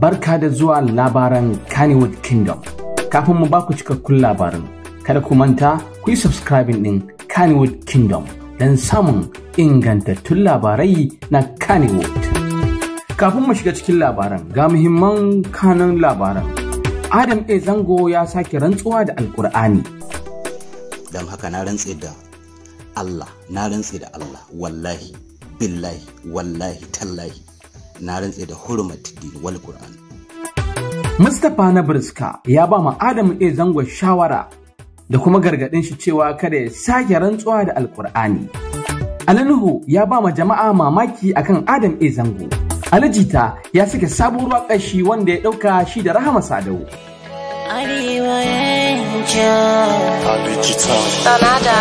barka da zuwa labaran Kannywood Kingdom. Kafin mu baku cikakkun labarin, kada ku manta ku yi subscribing ɗin Kannywood Kingdom don samun ingantattun labarai na Kannywood. Kafin mu shiga cikin labaran ga muhimman kanan labaran. Adam A. Zango ya sake rantsuwa da Alkur'ani. Don haka na rantse da Allah, na rantse da Allah, wallahi, billahi, wallahi, tallahi. na rantse da hurumat din wal qur'an Mustapha na Burska ya ba ma Adamu e zango shawara da kuma gargaɗin shi cewa kada ya sake rantsuwa da Ali Nuhu ya ba ma jama'a mamaki akan Adam e zango. Alijita ya sake sabuwar ƙashi wanda ya ɗauka shi da Rahama Sadau. Arewa yankin Alijita Sanada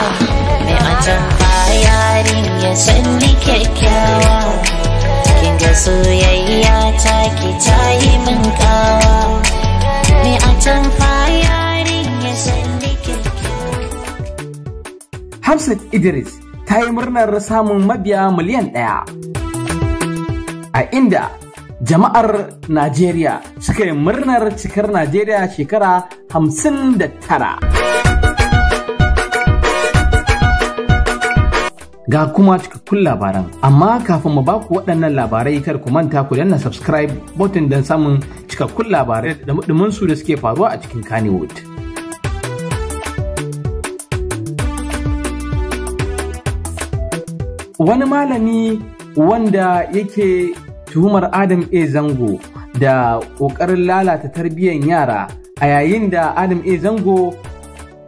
Mai ajan bayarin ya sanni kyakkyawa soyayya ta can Hamsat Idris ta yi murnar samun mabiya miliyan ɗaya a inda jama'ar Najeriya suka yi murnar cikar Najeriya shekara hamsin da tara. ga kuma cikakkun labaran. Amma kafin mu baku waɗannan labarai kar ku manta ku danna subscribe button don samun cikakkun labarai da mudumin su da suke faruwa a cikin Kannywood. Wani malami wanda yake tuhumar Adam A. Zango da ƙoƙarin lalata tarbiyyar yara a yayin da Adam A. Zango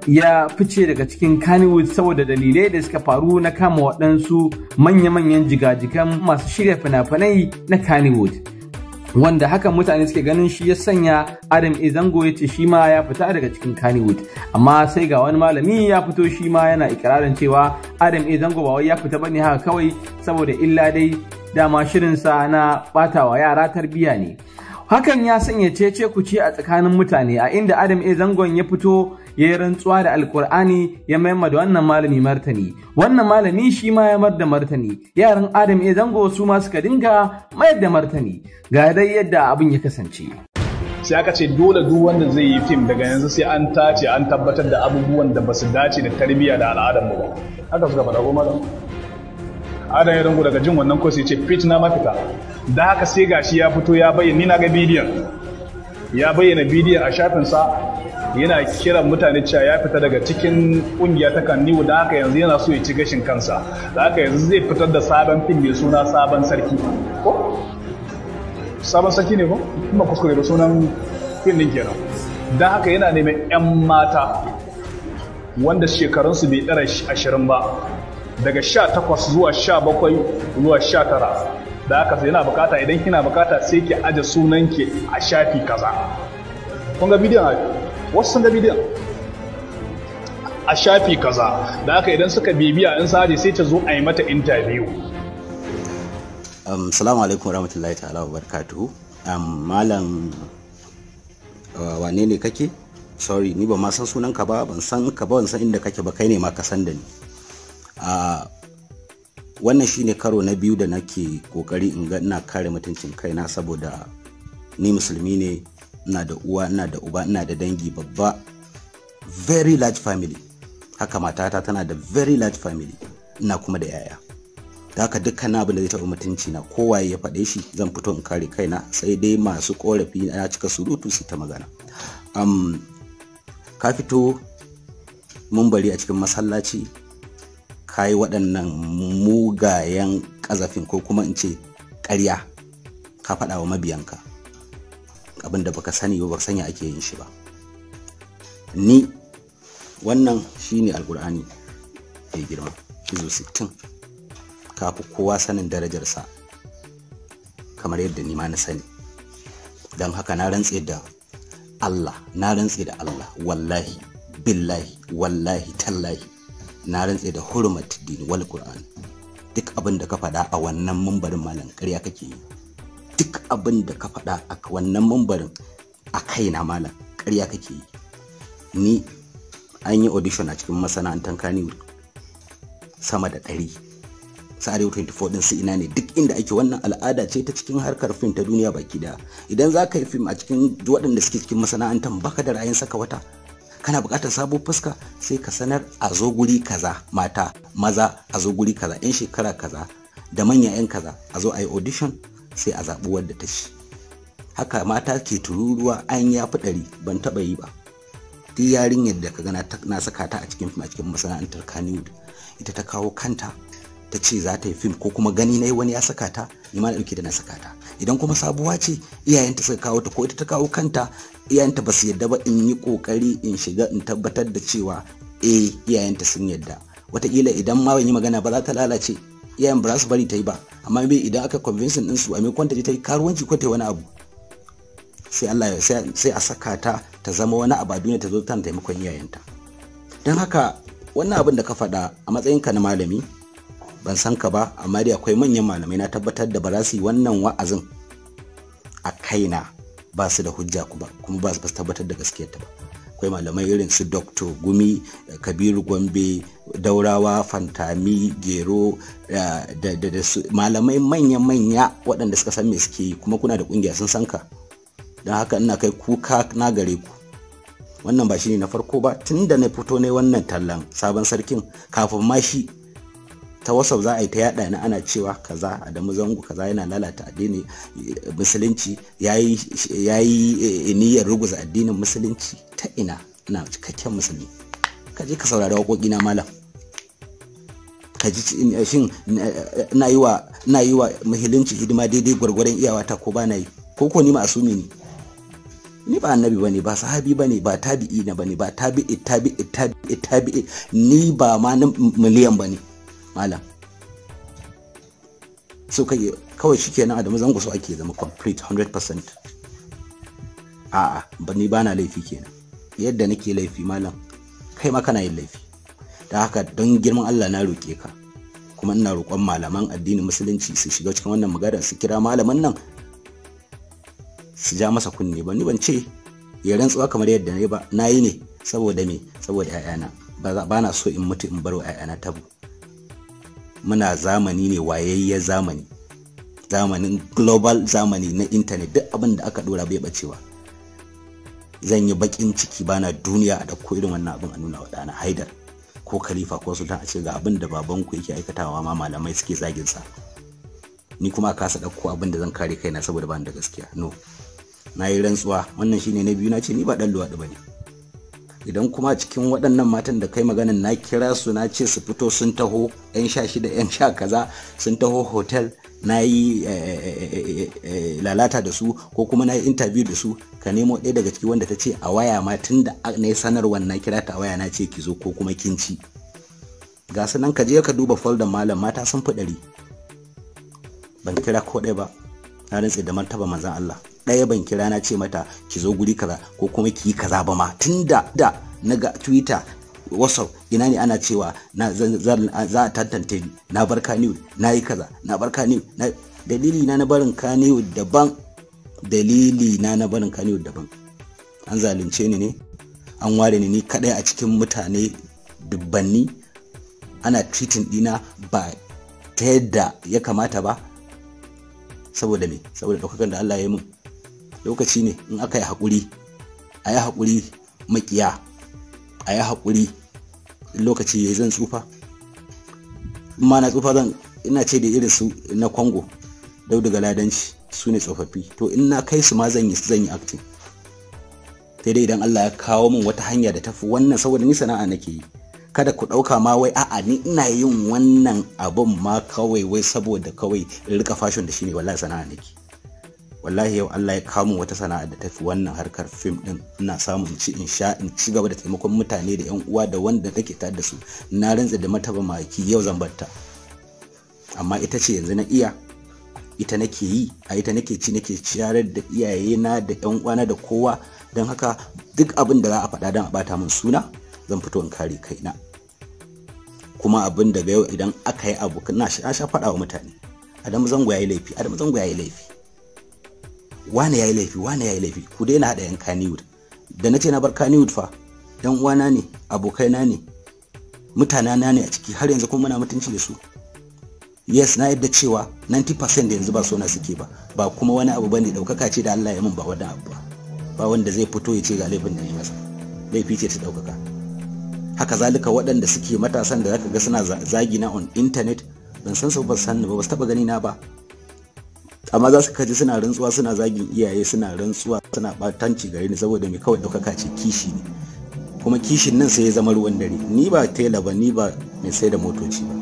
ya fice daga cikin Kannywood saboda dalilai da suka faru na kama waɗansu manya-manyan jigajikan masu shirya fina-finai na Kannywood. wanda haka mutane suke ganin shi ya sanya Adam Izango ya ce shi ma ya fita daga cikin Kannywood amma sai ga wani malami ya fito shi ma yana ikirarin cewa Adam Izango ba wai ya fita bane haka kawai saboda illa dai dama shirinsa na batawa yara tarbiyya ne hakan ya sanya cece kuci a tsakanin mutane a inda Adam Izangon ya fito ya yi rantsuwa da alkur'ani ya mayar da wannan malami martani wannan malami shi ma ya mayar da martani yaran adam ya zango su ma suka dinga mayar da martani ga dai yadda abin ya kasance sai aka ce dole duk wanda zai yi fim daga yanzu sai an tace an tabbatar da abubuwan da basu dace da tarbiyya da al'adar mu ba haka suka faɗa goma malam adam ya dango daga jin wannan kwasi ce fit na mafita da haka sai gashi ya fito ya bayyana ni na ga bidiyon ya bayyana bidiyon a shafinsa yana kiran mutane cewa ya fita daga cikin kungiya ta kanniwu don haka yanzu yana so ya ci gashin kansa da haka yanzu zai fitar da sabon fim mai suna sabon sarki ko sabon sarki ne ko kuma kuskure da sunan fim din kenan don haka yana neman 'yan mata wanda shekarunsu bai ɗara ashirin ba daga sha takwas zuwa sha bakwai zuwa sha tara da haka sai yana bukata idan kina bukata sai ki aje ki a shafi kaza kun ga bidiyon wasu da bidiyan a shafi kaza da haka idan suka bibiya in sa sai ta zo a yi mata intabiyu. Um, salamu alaikum rahmatullahi ta'ala wa barakatuhu um, malam uh, wane ne kake sorry ni ba ma san sunan ka ba ban san ka ba ban san inda kake ba kai ne ma ka da ni Wannan uh, wannan shine karo na biyu da nake kokari in ga ina kare mutuncin kaina saboda ni musulmi ne ina da uwa ina da uba ina da dangi babba very large family haka matata tana da very large family ina kuma da yaya da haka dukkan abin da zai taɓa mutunci na kowaye ya faɗe shi zan fito in kare kaina sai dai masu korafi na cika surutu su ta magana um, ka fito mun bari a cikin masallaci ka yi waɗannan mugayen ƙazafin ko kuma in ce ƙarya ka faɗa wa mabiyanka abin da baka sani ba sanya ake yin shi ba ni wannan shine alkur'ani mai girma izo 60 kafi kowa sanin darajarsa kamar yadda ni ma na sani don haka na rantse da Allah na rantse da Allah wallahi billahi wallahi tallahi na rantse da hurumat dini wal duk abin da ka faɗa a wannan mambarin malam ƙarya kake yi duk abin da ka faɗa a wannan mambarin a kaina malam ƙarya kake yi ni an yi audition a cikin masana'antar kaniwood sama da ɗari yau 24 ɗin su ina ne duk inda ake wannan al'ada ce ta cikin harkar fim ta duniya baki daya idan za ka yi fim a cikin waɗanda suke cikin masana'antar baka da ra'ayin saka wata kana buƙatar sabon fuska sai ka sanar a zo guri kaza mata maza a zo guri kaza 'yan shekara kaza da manya 'yan kaza a zo a yi audition sai a zaɓi wadda ta shi haka mata ke tururuwa an ya fi ɗari ban taɓa yi ba duk yarinyar da ka gana na saka ta a cikin fim a cikin masana'antar kaniwood ita ta kawo kanta ta ce za ta yi fim ko kuma gani na wani ya saka ta ni ma na ɗauke da na saka ta idan kuma sabuwa ce iyayenta suka kawo ta ko ita ta kawo kanta iyayenta ba su yadda ba in yi ƙoƙari in shiga in tabbatar da cewa eh iyayenta sun yadda wataƙila idan ma ban yi magana ba za ta lalace iyayen ba za su bari ta yi ba amma bai idan aka convincing din su a maimakon ta ta yi karuwanci ko ta wani abu sai Allah ya sai a saka ta ta zama wani abu a duniya ta zo ta taimakon iyayenta don haka wannan abin da ka faɗa a matsayin ka na malami ban san ka ba amma dai akwai manyan malamai na tabbatar da ba su wannan wa'azin a kaina ba su da hujja kuma ba su tabbatar da gaskiyar ta ba akwai malamai irin su Dr. Gumi, Kabiru Gombe, Daurawa, Fantami, Gero eh, da su malamai manya-manya waɗanda suka san me suke yi kuma kuna da ƙungiya sun san ka. Don haka ina kai kuka na gare ku. Wannan ba shi ne na farko ba tun da na fito ne wannan tallan sabon sarkin kafin ma shi ta wasau za a yi ta yada ni ana cewa kaza adamu zango kaza yana lalata addinin musulunci ya yi eh, niyyar ruguza addinin musulunci ta ina na cikakken musulmi ka je ka saurari waƙoƙi na malam ka ji eh, shin eh, na yi wa na muhilinci hidima daidai gwargwaron iyawata ko ba na yi ko ko ni masu ne ni ba annabi bane ba sahabi bane ba tabi'i na bane ba tabi'i tabi'i tabi'i ni ba ma miliyan bane malam so kage kawai shikenan Adamu zango so ake zama complete 100% a'a ba ni bana laifi kenan yadda nake laifi malam kai ma kana yin laifi da haka don girman Allah na roƙe ka kuma ina roƙon malaman addinin musulunci su shiga cikin wannan magana su kira malaman nan su ja masa kunne ba ni ban ce ya rantsuwa kamar yadda na yi ba na yi ne saboda me saboda 'ya'yana ba na so in mutu in baro 'ya'yana 'ya'yana tabu muna zamani ne wayayye zamani zamanin global zamani na intanet duk abin da aka dora bai bacewa zan yi bakin ciki bana duniya a dauko irin wannan abin a nuna wa haidar ko khalifa ko sultan a ce ga abin da babanku yake aikatawa ma malamai suke zagin sa ni kuma a kasa ɗauko abin da zan kare kaina saboda bani da gaskiya no na yi rantsuwa wannan shine na biyu na ce ni ba dan luwaɗi ba ne idan kuma cikin waɗannan matan da kai maganin na kira su na ce su fito sun taho 'yan sha shida 'yan sha kaza sun taho hotel na yi eh, eh, eh, lalata da su ko kuma na yi interview da su ka nemo ɗaya daga ciki wanda ta ce a waya ma tun da na yi sanarwar na kira ta waya na ce ki zo ko kuma kin ci ga su nan ka je ka duba folder malam mata sun fi ɗari ban kira ko ɗaya ba na rantse da martaba manzan Allah ɗaya ban kira na ce mata ki zo guri kaza ko kuma ki yi kaza ba ma tunda da na ga twitter wasau ina ne ana cewa za a tantance ni na bar kaniyu na yi kaza na bar kaniyu na dalili na na barin kaniyu daban dalili na na barin kaniyu daban an zalunce ni ne an ware ni ni kadai a cikin mutane dubbanni ana treating dina ba ta yadda ya kamata ba saboda me saboda ɗaukakar da Allah ya yi mun lokaci ne in aka yi haƙuri a yi haƙuri maƙiya a yi haƙuri lokaci ya zan tsufa ma na tsufa zan ina ce da irin su na kwango dau daga ladanci su ne tsofaffi to in na kai su ma zan yi zan yi aktin sai dai idan Allah ya kawo min wata hanya da ta fi wannan saboda ni sana'a nake yi kada ku ɗauka ma wai a'a ni ina yin wannan abun ma kawai wai saboda kawai in rika fashon da shi ne wallahi sana'a nake wallahi yau Allah ya kawo wata sana'a da tafi wannan harkar fim din ina samun ci in sha in ci gaba da taimakon mutane da yan uwa da wanda take tare da su na rantsa da mataba maki yau zan batta amma ita ce yanzu na iya ita nake yi a ita nake ci nake ciyar da iyaye na da yan na da kowa don haka duk abin da za a faɗa don a bata min suna zan fito in kare na kuma abin da yau idan aka yi abu na sha faɗa wa mutane adam zango ya laifi adam zango ya laifi wane yayi laifi wane yayi laifi ku daina haɗa yan kaniwood da na ce na bar kaniwood fa yan uwana ne abokaina ne mutana na ne a ciki har yanzu kuma muna mutunci da su yes na yadda cewa 90% da yanzu ba sona suke ba ba kuma wani abu bane daukaka ce da Allah ya mun ba wannan abu ba ba wanda zai fito ya ce ga laifin da ya masa laifi ce ta daukaka haka zalika waɗanda suke matasan da zaka ga suna zagi na on internet ban san su ba san ba ba su taba gani na ba amma za su kaji suna rantsuwa suna zagin iyaye suna rantsuwa suna batanci gare ni saboda mai kawai ɗaukaka ce kishi ne kuma kishin nan sai ya zama ruwan dare ni ba tela ba ni ba mai sai da motoci ba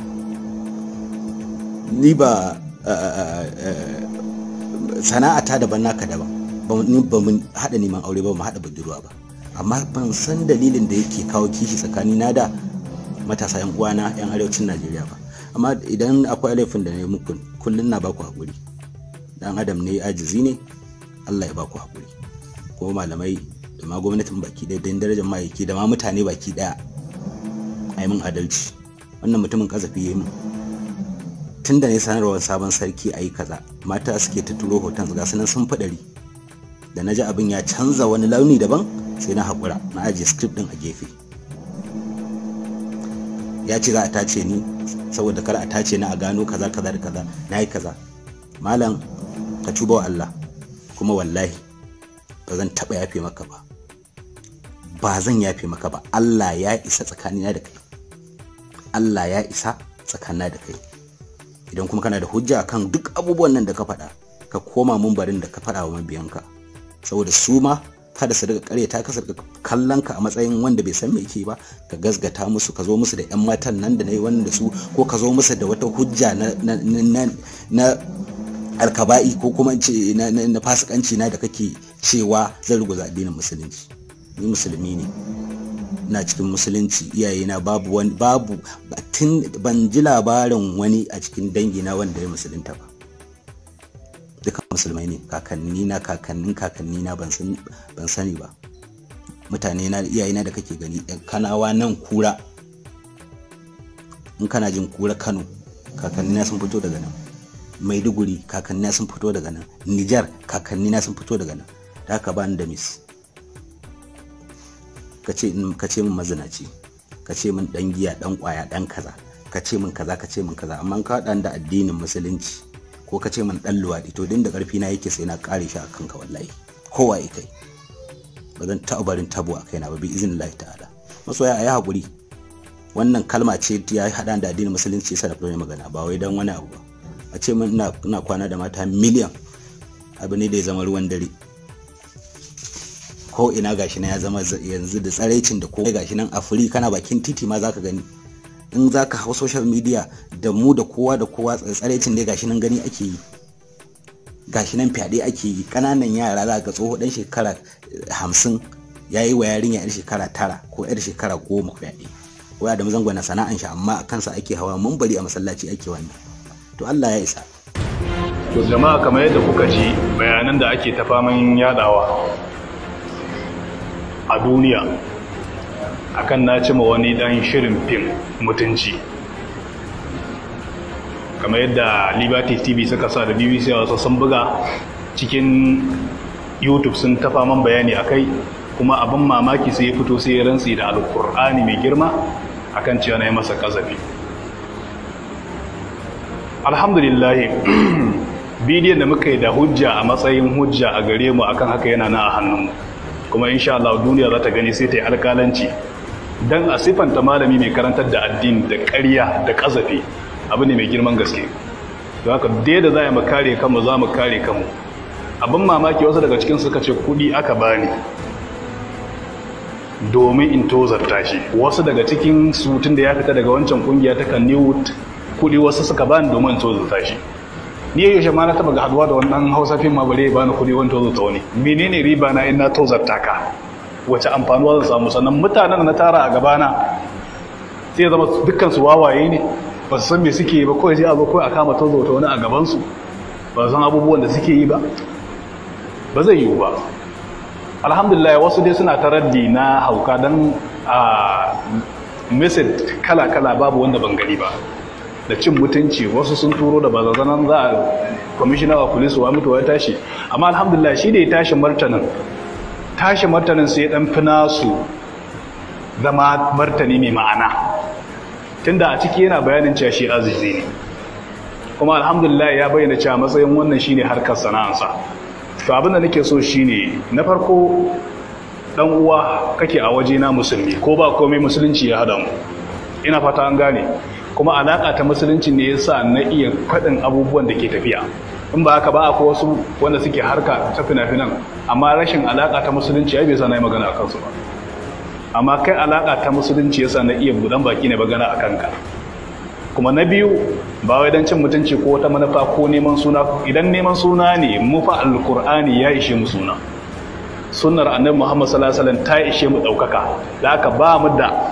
ni ba sana'a ta daban naka daban ba mu haɗa neman aure ba mu haɗa budurwa ba amma ban san dalilin da yake kawo kishi tsakani na da matasa yan uwana yan arewacin najeriya ba amma idan akwai laifin da na yi muku kullum na baku haƙuri dan adam ne ajizi ne Allah ya ba ku haƙuri kuma malamai da ma gwamnatin baki ɗaya da darajar ma'aiki da ma mutane baki ɗaya a yi adalci wannan mutumin kazafi ya yi min tun da ne sanarwar sabon sarki ayi kaza mata suke ta turo hoton ga sunan sun faɗari da na ji abin ya canza wani launi daban sai na haƙura na ajiye script ɗin a gefe ya ce za a tace ni saboda kar a tace ni a gano kaza kaza da kaza na yi kaza malam ka tuba wa Allah kuma wallahi ba zan taɓa yafe maka ba ba zan yafe maka ba Allah ya isa tsakanina da kai Allah ya isa tsakanina da kai idan kuma kana da hujja kan duk abubuwan nan da ka faɗa ka koma mun barin da ka faɗa wa mabiyanka saboda su ma kada su riga kare ka kasar kallon ka a matsayin wanda bai san me yake ba ka gasgata musu ka zo musu da yan matan nan da nayi wannan da su ko ka zo musu da wata hujja na alkaba'i ko kuma ce na fasikanci na da kake cewa zan ruguza addinin musulunci ni musulmi ne na cikin musulunci iyayena babu wani babu tun ban ji labarin wani a cikin dangi na wanda ya musulunta ba duka musulmai ne kakanni na kakannin kakanni na ban sani ba mutane na iyayena da kake gani kanawa nan kura in kana jin kura kano kakanni na sun fito daga nan maiduguri kakanni sun fito daga nan nijar kakanni na sun fito daga nan da haka ba ni da mis ka ce min mazinaci ka ce min dan giya dan kwaya dan kaza ka ce min kaza ka ce min kaza amma ka dan da addinin musulunci ko ka ce min dan luwaɗi to din da karfi na yake sai na kare shi a kanka wallahi kowa ya kai ba zan taɓa barin tabo a kaina ba bi izin Allah ta'ala masoya a yi haƙuri wannan kalma ce ya haɗa da addinin musulunci ya sa ne magana ba wai dan wani abu ba a ce min ina kwana da mata miliyan abu ne da ya zama ruwan dare ko ina gashi na ya zama yanzu da tsaraicin da komai gashi nan a furi kana bakin titi ma zaka gani in zaka hau social media da mu da kowa da kowa tsaraicin da gashi nan gani ake yi gashi nan fyaɗe ake yi ƙananan yara za ga tsoho ɗan shekara eh, hamsin ya yi wa yarinya yar shekara tara ko yar shekara goma fyaɗe waya da mazangwana sana'an shi amma a kansa ake hawa mun bari a masallaci ake wannan to Allah ya isa to jama'a kamar yadda kuka ji bayanan da ake ta faman yadawa a duniya akan na cima wani dan shirin fim mutunci kamar yadda liberty tv suka sa da bbc a wasu sun buga cikin youtube sun ta faman bayani a kai kuma abin mamaki sai ya fito sai ya rantsi da alkur'ani mai girma akan cewa na yi masa kazafi alhamdulillah bidiyon da muka yi da hujja a matsayin hujja a gare mu akan haka yana na a hannun kuma insha Allah duniya za ta gani sai ta yi alkalanci dan a sifanta malami mai karantar da addini da ƙarya da ƙazafi abu ne mai girman gaske da haka dai da za mu kare kanmu za mu kare kanmu abin mamaki wasu daga cikin suka ce kuɗi aka bani domin in tozarta shi wasu daga cikin su tun da ya fita daga wancan kungiya ta kan newt kuɗi wasu suka bani domin tozo tashi. ni ya yaushe ma na taba ga haduwa da wannan hausa fim ma bare bani kuɗi wani tozo wani menene riba na in na tozar taka wace amfanuwa zan samu sannan mutanen na tara a gabana sai zama dukkan su wawaye ne ba su san me suke yi ba kawai sai a zo kawai a kama tozo wani a gabansu ba san abubuwan da suke yi ba ba zai yiwu ba alhamdulillah wasu dai suna ta raddi na hauka don a ah, message kala-kala babu wanda ban gani ba da cin mutunci wasu sun turo da bazazanan za a kwamishina wa police wa mutuwa ya tashi amma alhamdulillah shi ne ya tashi martanin tashi martanin sai dan fi nasu zama martani mai ma'ana tunda a ciki yana bayanin cewa shi azizi ne kuma alhamdulillah ya bayyana cewa matsayin wannan shine harkar sana'ansa to abin da nake so shine na farko dan uwa kake a waje na musulmi ko ba komai musulunci ya hada mu ina fata an gane kuma alaƙa ta musulunci ne ya sa na iya faɗin abubuwan da ke tafiya in ba haka ba a wasu wanda suke harka ta fina-finan amma rashin alaƙa ta musulunci ya bai sa na yi magana a kansu ba amma kai alaƙa ta musulunci ya sa na iya buɗan baki ne magana a kanka kuma na biyu ba wai don cin mutunci ko wata manufa ko neman suna idan neman suna ne mufa alkur'ani ya ishe mu suna sunnar annabi muhammad sallallahu alaihi wasallam ta ishe mu ɗaukaka da aka ba mu da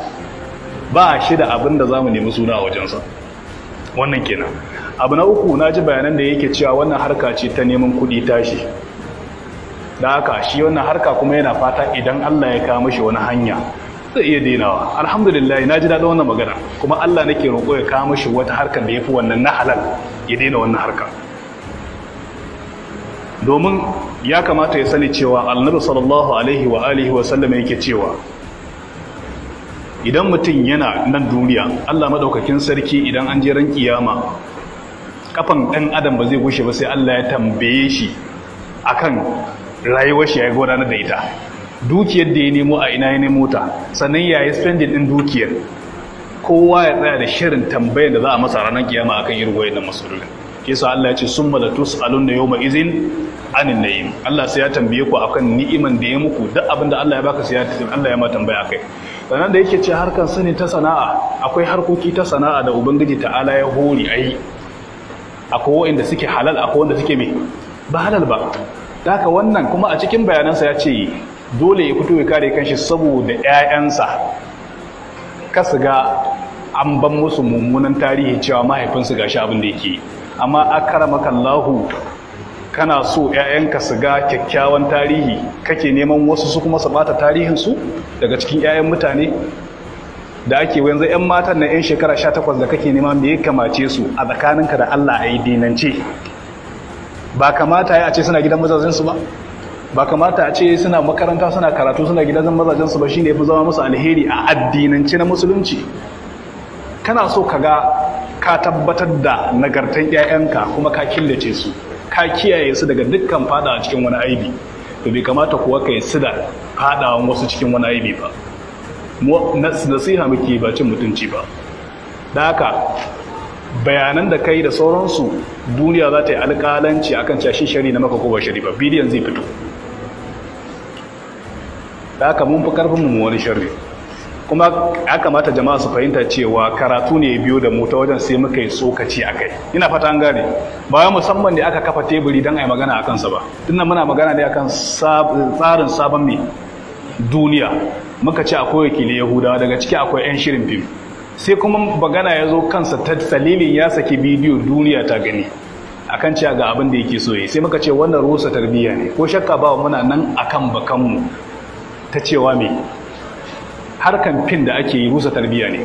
ba shi da abin da za mu nemi suna a wajensa wannan kenan abu na uku na ji bayanan da yake cewa wannan harka ce ta neman kuɗi tashi da haka shi wannan harka kuma yana fata idan Allah ya kama shi wani hanya zai iya dainawa alhamdulillah na ji daɗin wannan magana kuma Allah nake roƙo ya kama shi wata harkar da ya fi wannan na halal ya daina wannan harka domin ya kamata ya sani cewa annabi sallallahu alaihi wa alihi wa sallam yake cewa idan mutum yana nan duniya Allah madaukakin sarki idan an je ran kiyama kafan ɗan adam ba zai gushe ba sai Allah ya tambaye shi akan rayuwar shi ya gudanar da ita dukiyar da ya nemo a ina ya nemo ta sannan ya spending din dukiyar kowa ya tsaya da shirin tambayar da za a masa ranar kiyama akan irin wayannan Ke sa Allah ya ce summa la tus'alun yawma izin anin na'im Allah sai ya tambaye ku akan ni'iman da ya muku duk abin da Allah ya baka sai ya Allah ya ma tambaya kai. sannan da yake ce harkan sani ta sana'a akwai harkoki ta sana'a da ubangiji ta'ala ya hori ayi akwai wa'inda suke halal akwai wanda suke mai ba halal ba haka wannan kuma a cikin bayanansa ya ce dole ya fito ya kare kanshi saboda 'ya'yansa su ga an ban musu mummunan tarihi cewa mahaifinsu ga shi abin da yake amma akaramaka makallahu. kana so 'ya'yanka su ga kyakkyawan tarihi kake neman wasu su kuma su bata tarihinsu daga cikin 'ya'yan mutane da ake yanzu 'yan matan na 'yan shekara 18 da kake nema me ya kamace su a tsakaninka da Allah a yi dinance ba kamata ya ce suna gidan mazajensu ba ba kamata a ce suna makaranta suna karatu suna gidan mazajensu ba shine fi zama musu alheri a addinance na musulunci kana so ka ga ka tabbatar da nagartan 'ya'yanka kuma ka killace su ka kiyaye su daga dukkan fada cikin wani aibi to bai kamata kuwa kai su da fadawan wasu cikin wani aibi ba nasiha muke ba cin mutunci ba da haka bayanan da kai da sauransu duniya za ta yi alƙalanci akan cashin shari na maka ko shari ba bidiyon zai fito da haka mun fi karfin mu wani shari kuma ya kamata jama'a su fahimta cewa karatu ne biyo da mu wajen sai muka yi tsokaci a kai ina fata an gane ba musamman ne aka kafa teburi don a yi magana a kansa ba tunan muna magana ne akan tsarin sabon mai duniya muka ce akwai wakilin yahudawa daga ciki akwai 'yan shirin fim sai kuma magana ya zo kansa ta salilin ya saki bidiyo duniya ta gani akan cewa ga abin da yake so yi, sai muka ce wannan rusa tarbiyya ne ko shakka ba muna nan akan bakanmu ta cewa me harkan fin da ake yi rusa tarbiyya ne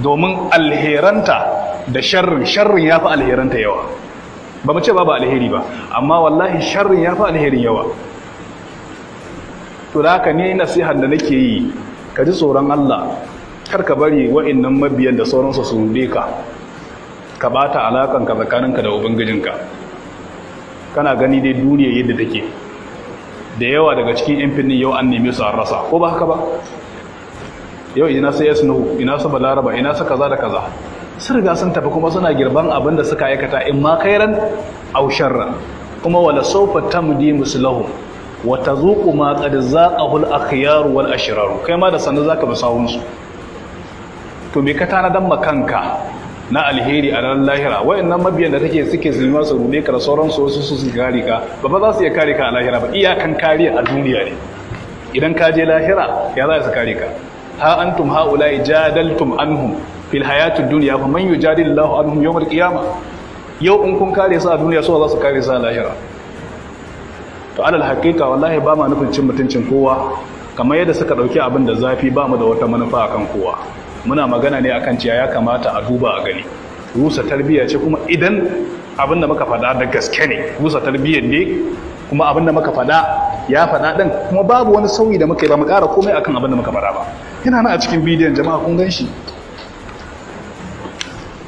domin alheranta da sharrin sharrin ya fi alheranta yawa ba mu ce ba alheri ba amma wallahi sharrin ya fi alherin yawa to da haka ne nasihar da nake yi ka ji tsoron Allah kar ka bari nan mabiyan da sauransu su rude ka ka bata alakan ka tsakaninka da ubangijinka kana gani dai duniya yadda take da yawa daga cikin yan finnin yau an neme su an rasa ko ba haka ba yau ina sai yasnu ina su balaraba ina su kaza da kaza Su riga sun tafi kuma suna girban abin da suka aikata in ma kairan aw sharran kuma wala sawfa tamdi muslahu wa tazuqu ma qad zaqahu al akhyar wal ashrar kai ma da sanin zaka bi sawun su to me ka tana dan makanka na alheri a ranar lahira wayannan mabiyan da take suke zulma su rume ka sauran su wasu su kare ka ba ba za su iya kare ka a lahira ba iyakan kariya a duniya ne idan ka je lahira ya za su kare ka ha antum haula'i jadaltum anhum fil hayatid dunya fa man yujadilillahu anhum yawmal qiyamah yau in kun kare su a duniya su za su kare su a lahira to alal haqiqa wallahi ba ma nufin cin mutuncin kowa kamar yadda suka dauki abin da zafi ba mu da wata manufa akan kowa muna magana ne akan ciya ya kamata a duba a gani rusa tarbiyya ce kuma idan abin da muka faɗa da gaske ne rusa tarbiyya ne kuma abin da muka faɗa ya faɗa din kuma babu wani sauyi da muka yi ba mu ƙara komai akan abin da muka fada ba yana na a cikin bidiyon jama'a kun gan shi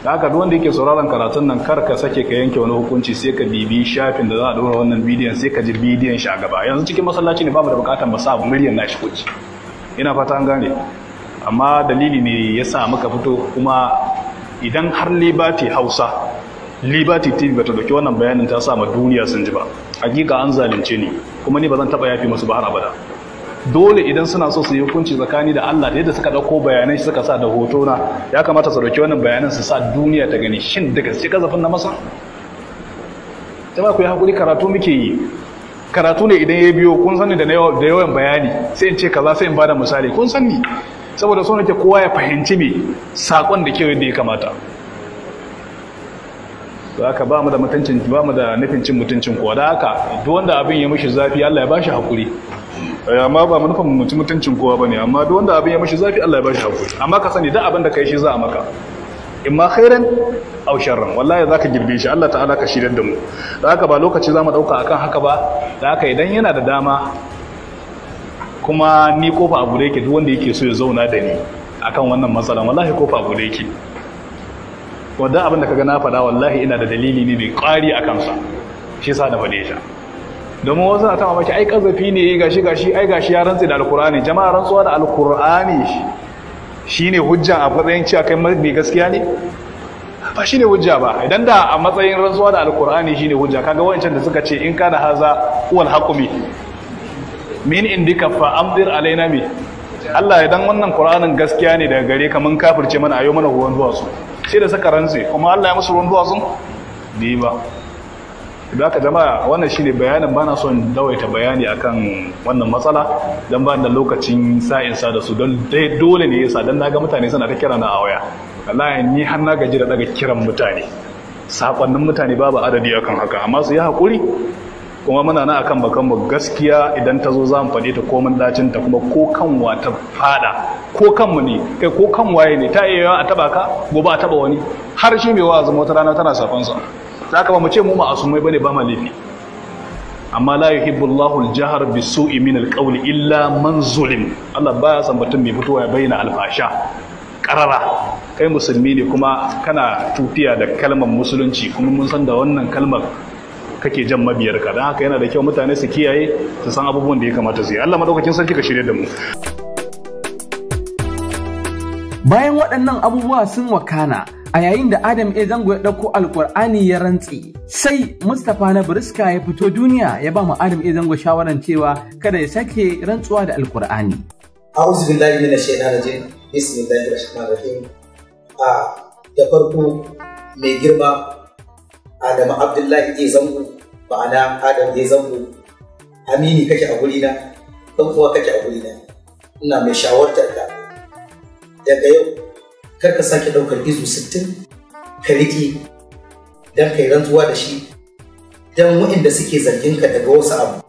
da aka duk wanda yake sauraron karatun nan kar ka sake ka yanke wani hukunci sai ka bibi shafin da za a dora wannan bidiyon sai ka ji bidiyon shi a gaba yanzu cikin masallaci ne babu da bukatan ba sa abu miliyan na shi kuci ina fata an gane amma dalili ne ya sa muka fito kuma idan har liberty hausa liberty tv bata dauki wannan bayanin ta sa ma duniya sun ji ba hakika an zalunce ni kuma ni ba zan taba yafi musu ba abada dole idan suna so su yi hukunci tsakani da Allah da yadda suka dauko bayanai suka sa da hoto na ya kamata su dauki wannan bayanan su sa duniya ta gani shin da gaske kazafin na masa jama'a ku yi hakuri karatu muke yi karatu ne idan ya biyo kun sani da yawan bayani sai in ce kaza sai in bada misali kun sani saboda so nake kowa ya fahimci me sakon da kewaye da ya kamata da haka ba mu da mutuncin ba mu da nufin cin mutuncin kowa da haka duk wanda abin ya mishi zafi Allah ya bashi hakuri Eh, amma ba manufan mutu mutuncin kowa bane amma duk wanda abin ya mashi zafi Allah ya bashi hakuri amma ka sani duk abin da kai shi za a maka imma khairan aw sharran wallahi zaka girbe shi Allah ta'ala ka shirye da mu da haka ba lokaci zamu dauka akan haka ba da haka idan yana da dama kuma ni kofa abu da yake duk wanda yake so ya zauna da ni akan wannan matsalan wallahi kofa abu da yake wanda abin da kaga na faɗa wallahi ina da dalili ne mai ƙwari a kansa shi yasa na faɗe shi domin wasu na ta mamaki ai kazafi ne gashi gashi ai gashi ya rantsi da alkur'ani jama'a rantsuwa da alkur'ani shine hujja a matsayin cewa kai mai gaskiya ne ba shine hujja ba idan da a matsayin rantsuwa da alkur'ani shine hujja kaga wancan da suka ce in kana haza wal haqumi min indika fa amdir alaina mi Allah idan wannan Qur'anin gaskiya ne daga gare ka mun kafirce mana ayo mana ruwan duwatsu sai da saka rantsi kuma Allah ya musu ruwan duwatsun ne ba da aka jama'a wannan shi ne bayanin ba na son dawaita bayani akan wannan matsala don ba da lokacin sa'in sa da su don dole ne yasa don naga mutane suna ta kira na a waya wallahi ni har na gaji da daga kiran mutane sakonnin mutane babu adadi akan haka amma su yi hakuri kuma muna na akan bakan mu gaskiya idan ta zo za mu faɗi ta komin dacin ta kuma ko kanwa ta fada ko kanmu ne kai ko kan waye ne ta iya a taba ka gobe a taba wani har shi mai zama wata rana tana safansa saka ba mu ce mu ma'asumai bane ba ma laifi amma la yuhibbullahu al jihar bisu'i min imin illa man zulim Allah baya san batun mai fitowa ya bayyana alfasha karara kai musulmi ne kuma kana tufiya da kalmar musulunci kuma mun san da wannan kalmar kake jan mabiyar ka don haka yana da kyau mutane su kiyaye su san abubuwan da ya kamata su yi Allah madaukakin sarki ka shirya da mu Bayan waɗannan abubuwa sun wakana a yayin da Adam A. Zango ya ɗauko Alƙur'ani ya rantsi, sai Mustapha na Biriska ya fito duniya ya ba mu Adam A. Zango shawaran cewa kada ya sake rantsuwa da Alƙur'ani. A'udhu billahi minash shaitanir rajim. Bismillahir rahmanir rahim. A da farko mai girma Adamu Abdullahi A. Zango ma'ana Adam A. Zango amini kake a gurina, ɗan uwa kake a gurina. Ina mai shawartar ka daga yau kar ka sake ɗaukar izu sittin ka riƙe don ka yi rantsuwa da shi don waɗanda suke zargin ka daga wasu abu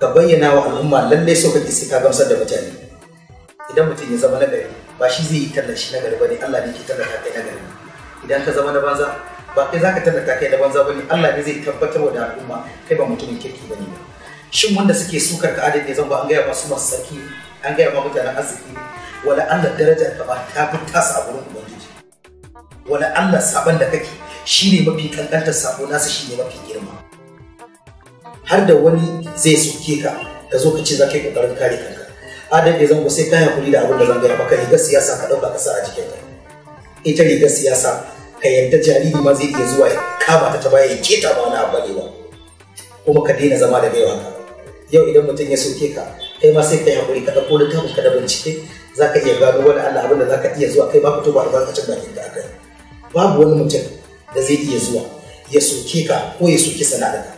ka bayyana wa al'umma lallai so kake sai ka gamsar da mutane idan mutum ya zama nagari ba shi zai yi tallashi nagari ba ne Allah ne ke tallata kai nagari idan ka zama na banza ba kai zaka tallata kai na banza ba ne Allah ne zai tabbatar da al'umma kai ba mutumin kirki ba ne shin wanda suke sukar ka adadi zan ba an gaya masu masu sarki an gaya ma mutanen arziki wala Allah darajar ka ba ta fi tasa a gurin ubangiji wala Allah saban da kake shi ne mafi kankantar sabo nasa shi ne mafi girma har da wani zai soke ka ka zo ka ce za ka yi kokarin kare kanka adam ya zango sai ka hakuri da abin da zan gaya maka rigar siyasa ka ɗauka ka sa a ka. ita rigar siyasa ka yarda jariri ma zai iya zuwa ya kama ta ta baya ya keta ba wani abu ba kuma ka daina zama da gaiwa yau idan mutum ya soke ka kai ma sai ka yi hakuri ka ɗauko littafin ka da bincike za ka iya gano wani Allah da za ka iya zuwa kai ba fito ba albarkacin da aka yi. babu wani mutum da zai iya zuwa ya soke ka ko ya soke sana'arka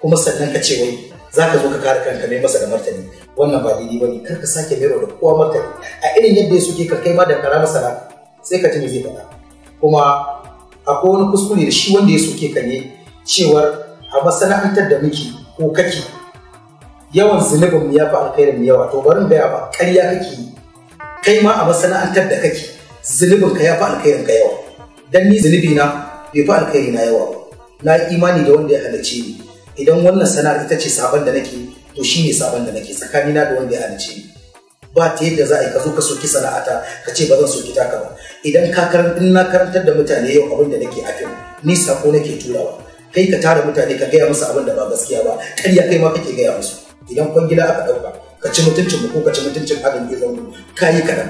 kuma sannan ka ce wai za ka zo ka kare kanka mai masa da martani wannan ba daidai ba ne kar ka sake mai da kowa martani a irin yadda ya soke ka kai ma da kara masa sai ka tuni zai faɗa kuma akwai wani kuskure da shi wanda ya soke ka ne cewar a masana'antar da muke ko kake yawan zunubin mu ya fi alkhairin mu yawa to bari mu gaya ba ƙarya kake yi kai ma a masana'antar da kake zunubin ka ya fi alkhairin ka yawa dan ni zunubi na bai fi alkhairi na yawa na yi imani da wanda ya halarci ni idan wannan sana'ar ita ce sabon da nake to shi ne sabon da nake tsakanina da wanda ya halarci ni ba ta yadda za a yi ka zo ka soki sana'ata ka ce ba zan soki taka ba idan ka karantar na karantar da mutane yau abin da nake afin ni sako nake turawa kai ka tara mutane ka gaya musu abin da ba gaskiya ba karya kai ma kake gaya musu idan kwangila aka ɗauka ka ci mutuncin mu ko ka ci mutuncin haɗin gizon mu ka yi kaɗan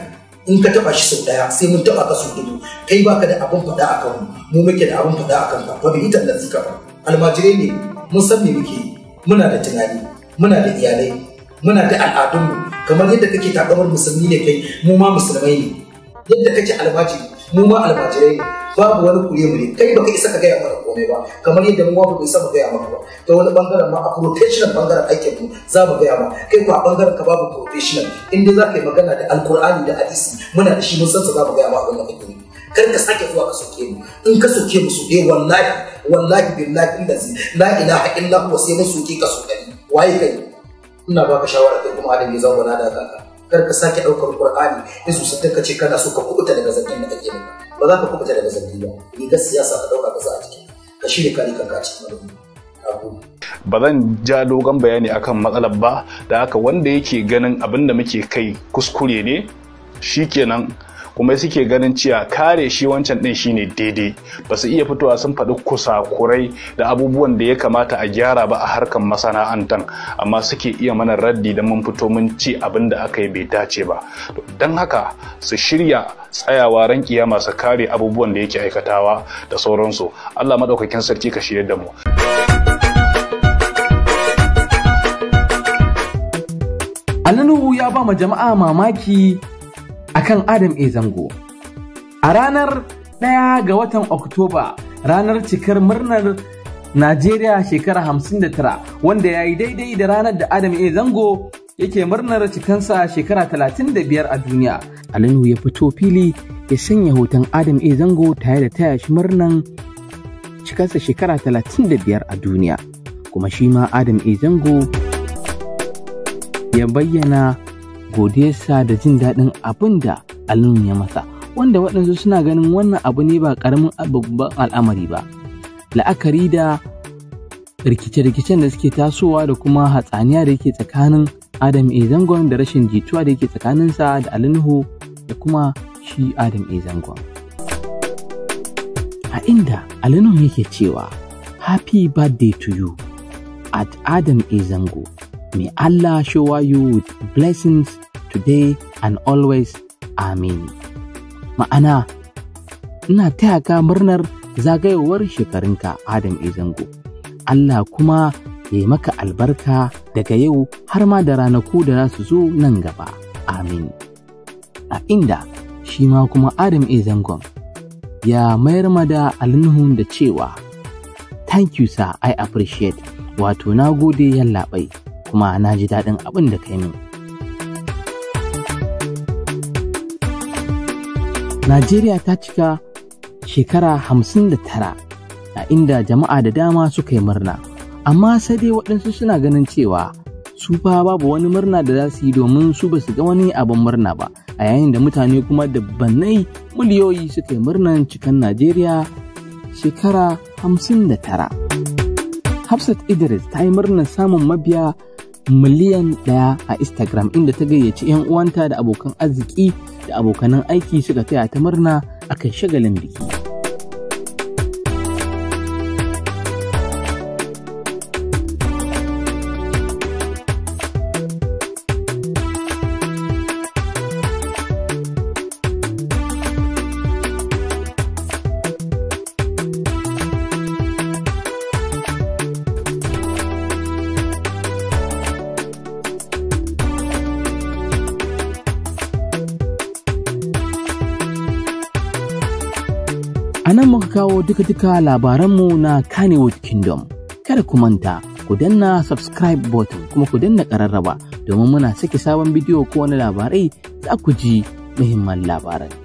in ka taɓa shi sau ɗaya sai mun taɓa ka sau dubu kai baka da abin faɗa a kanmu mu muke da abin faɗa a kanka ba bai ita da zika ba almajirai ne mun san me muke yi muna da tunani muna da iyalai muna da al'adunmu kamar yadda kake takamar musulmi ne kai mu ma musulmai ne yadda kake almajiri mu ma almajirai babu wani kuye mu ne kai baka isa ka gaya mana komai ba kamar yadda mu ba mu isa mu gaya maka ba ta wani bangaren ma a professional bangaren aikin mu za mu gaya ma kai ko a bangaren ka babu professional inda za ka yi magana da alkur'ani da hadisi muna da shi mun san za mu gaya ma wannan kuɗi kar ka sake zuwa ka soke mu in ka soke mu soke wallahi wallahi billahi illazi la ilaha illa huwa sai mun soke ka soke waye kai ina baka shawara kai kuma adam ya zama na da kanka kar ka sake ɗaukar Qur'ani ya su sai ka ce kana so ka kubuta daga zargin da kake nema ba za ka kubuta daga zargi ba ni ga siyasa ka ɗauka kasa a ciki ka shirya kari kanka a cikin madadi ba zan ja dogon bayani akan matsalar ba da haka wanda yake ganin abin da muke kai kuskure ne shikenan kuma suke ganin cewa kare shi wancan din shine daidai ba su iya fitowa sun faɗi kusakurai da abubuwan da ya kamata a gyara ba a harkar masana'antan amma suke iya mana raddi da mun fito mun ci abin da aka yi bai dace ba don haka su shirya tsayawa ran kiyama su kare abubuwan da yake aikatawa da sauransu Allah maɗaukakin sarki ka shirya da mu. Nuhu ya ba ma jama'a mamaki A kan Adam A. Zango. A ranar ɗaya ga watan Oktoba ranar cikar murnar Najeriya shekara 59 wanda ya yi daidai da ranar da Adam A. Zango yake murnar cikansa shekara 35 a duniya. Aliyu ya fito fili ya sanya hoton Adam A. Zango tare da taya shi murnan cikansa shekara 35 a duniya. Kuma shi ma Adam A. Zango ya bayyana godiyarsa da jin daɗin abin da alun ya masa wanda waɗansu suna ganin wannan abu ne ba ƙaramin babban al'amari ba la'akari da rikice-rikicen da suke tasowa da kuma hatsaniya da yake tsakanin adam e zangon da rashin jituwa da yake tsakaninsa da alinuhu da kuma shi adam e zangon a inda alinuhu yake cewa happy birthday to you at adam e zango may allah show you with blessings today and always. Amin. Ma'ana, ina taya ka murnar zagayowar shekarunka Adam Izango. Allah kuma ya yi maka albarka daga yau har ma da ranaku da za su zo nan gaba. Amin. A inda shi ma kuma Adam Izangon ya mayar ma da alnuhun da cewa, Thank you sir, I appreciate. Wato na gode yallaɓai kuma na ji daɗin abin da kai min. Najeriya ta cika shekara hamsin da tara a inda jama'a da dama suka yi murna. Amma sai dai waɗansu suna ganin cewa su fa babu wani murna da za su yi domin su ba su ga wani abin murna ba a yayin da mutane kuma da banai miliyoyi suka yi murnan cikan Najeriya shekara hamsin da tara. Hafsat Idris ta yi murnar samun mabiya miliyan ɗaya a Instagram inda ta gayyaci 'yan uwanta da abokan arziki da abokanan aiki suka taya ta murna akan shagalin biki. duka-duka labaranmu na Kannywood Kingdom. Kada ku manta, ku danna subscribe button kuma ku danna ƙararraba domin muna sake sabon bidiyo ko wani labarai za ku ji muhimman labaran.